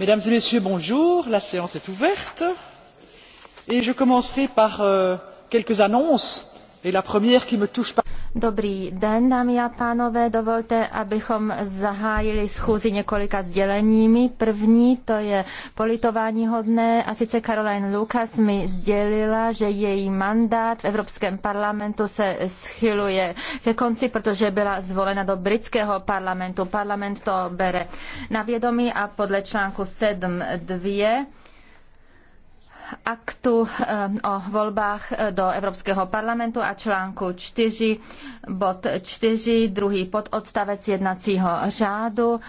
mesdames et messieurs bonjour la séance est ouverte et je commencerai par euh, quelques annonces et la première qui me touche particulièrement c'est la m. Dobrý den, dámy a pánové. Dovolte, abychom zahájili schůzi několika sděleními. První to je politování hodné a sice Caroline Lucas mi sdělila, že její mandát v Evropském parlamentu se schyluje ke konci, protože byla zvolena do britského parlamentu. Parlament to bere na vědomí a podle článku 7.2 aktu eh, o volbách eh, do Evropského parlamentu a článku 4, bod 4, druhý pododstavec jednacího řádu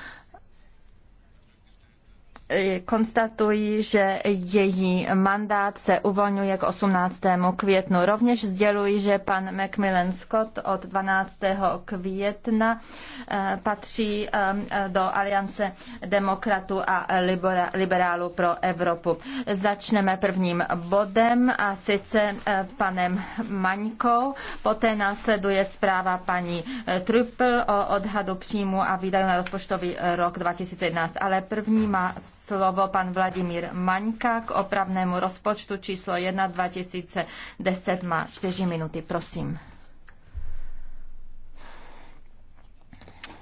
konstatuji, že její mandát se uvolňuje k 18. květnu. Rovněž sděluji, že pan Macmillan Scott od 12. května eh, patří eh, do Aliance demokratů a liberálů pro Evropu. Začneme prvním bodem a sice eh, panem Maňkou. Poté následuje zpráva paní Trupl o odhadu příjmu a výdajů na rozpočtový rok 2011. Ale první má slovo pan Vladimír Maňka k opravnému rozpočtu číslo 1 2010. Má 4 minuty, prosím.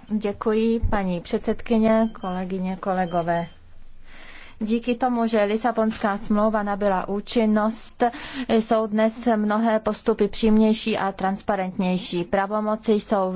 Děkuji, paní předsedkyně, kolegyně, kolegové. Díky tomu, že Lisabonská smlouva nabyla účinnost, jsou dnes mnohé postupy přímější a transparentnější. Pravomoci jsou